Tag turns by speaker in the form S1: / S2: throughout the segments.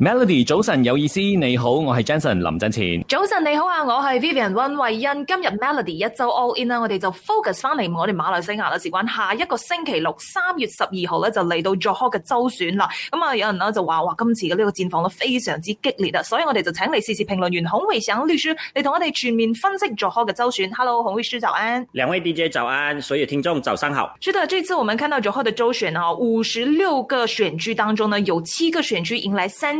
S1: Melody 早晨有意思，你好，我係 Jenson 林振前。
S2: 早晨你好啊，我係 Vivian 溫慧欣。今日 Melody 一周 all in 啦，我哋就 focus 翻嚟我哋馬來西亞啦，事關下一個星期六三月十二號咧就嚟到 Johor 嘅州選啦。咁啊，有人呢就話哇，今次嘅呢個戰況咧非常之激烈啊，所以我哋就請嚟時事評論員孔偉祥律師嚟同我哋全面分析 Johor 嘅州選。Hello，孔律師早安。
S3: 兩位 DJ 早安，所有聽眾早上好。
S2: 是的，這次我們看到 Johor 嘅州選啊，五十六個選區當中呢，有七個選區迎嚟三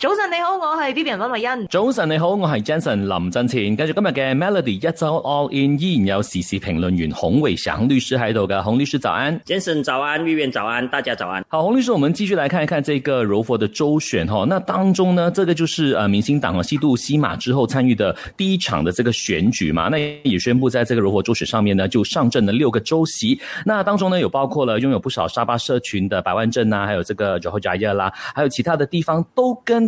S2: 早晨你好，我係 B B 林慧欣。早晨你好，我
S1: 係 Jensen 林振前。繼續今日嘅 Melody 一周 All In，依然有時事評論員洪偉祥律師喺度嘅，洪律師早安 Jensen 早安，B B 早安，大家早安。好，洪律師，我們繼續來看一看這個柔佛的州選哈，那當中呢，這個就是呃民興黨啊，西渡西馬之後參與的第一場的這個選舉嘛，那也宣布在這個柔佛州選上面呢，就上陣了六個州席，那當中呢，有包括了擁有不少沙巴社群的百萬鎮啊，還有這個柔佛再也啦，還有其他的地方都跟。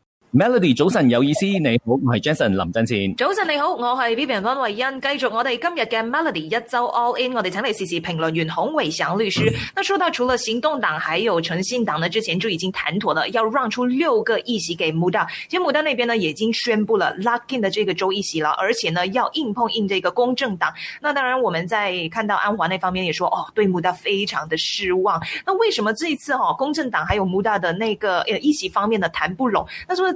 S1: Melody 早晨有意思，你好，我係 Jason 林振前。
S2: 早晨你好，我係 Vivian 溫慧欣。繼續我哋今日嘅 Melody 一周 All In，我哋請你時事評論員洪偉祥律師。 那說到除了行動黨，還有誠信黨呢，之前就已經談妥了，要讓出六個議席給 Muda。其實 Muda 那邊呢，已經宣布了 lock in 的這個州議席啦，而且呢，要硬碰硬這個公正黨。那當然，我們在看到安華那方面也說，哦，對 Muda 非常的失望。那為什麼這一次哈、啊，公正黨還有 Muda 的那個誒議席方面呢，談不攏？那是不是？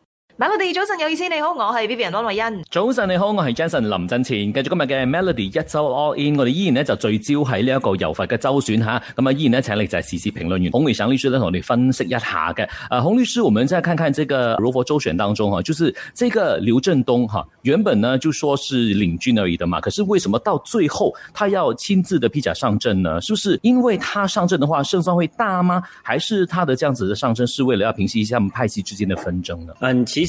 S2: e 嗱，我哋早晨有意思，你好，我係 B B 人安慧欣。
S1: 早晨你好，我是 Jason 林振前。繼續今日嘅 Melody 一周 All In，我哋依然咧就聚焦喺呢一個柔佛嘅州選哈。咁啊、嗯，依然咧請嚟就係時事評論員洪偉祥律師咧同我哋分析一下嘅。誒、啊，洪律師，我們再看看這個柔佛州選當中，吓、啊，就是這個劉振東，哈、啊，原本呢就說是領軍而已的嘛，可是為什麼到最後他要親自的披甲上陣呢？是不是因為他上陣的話勝算會大嗎？還是他的這樣子的上陣是為了要平息一下他們派系之間的紛爭呢？嗯，其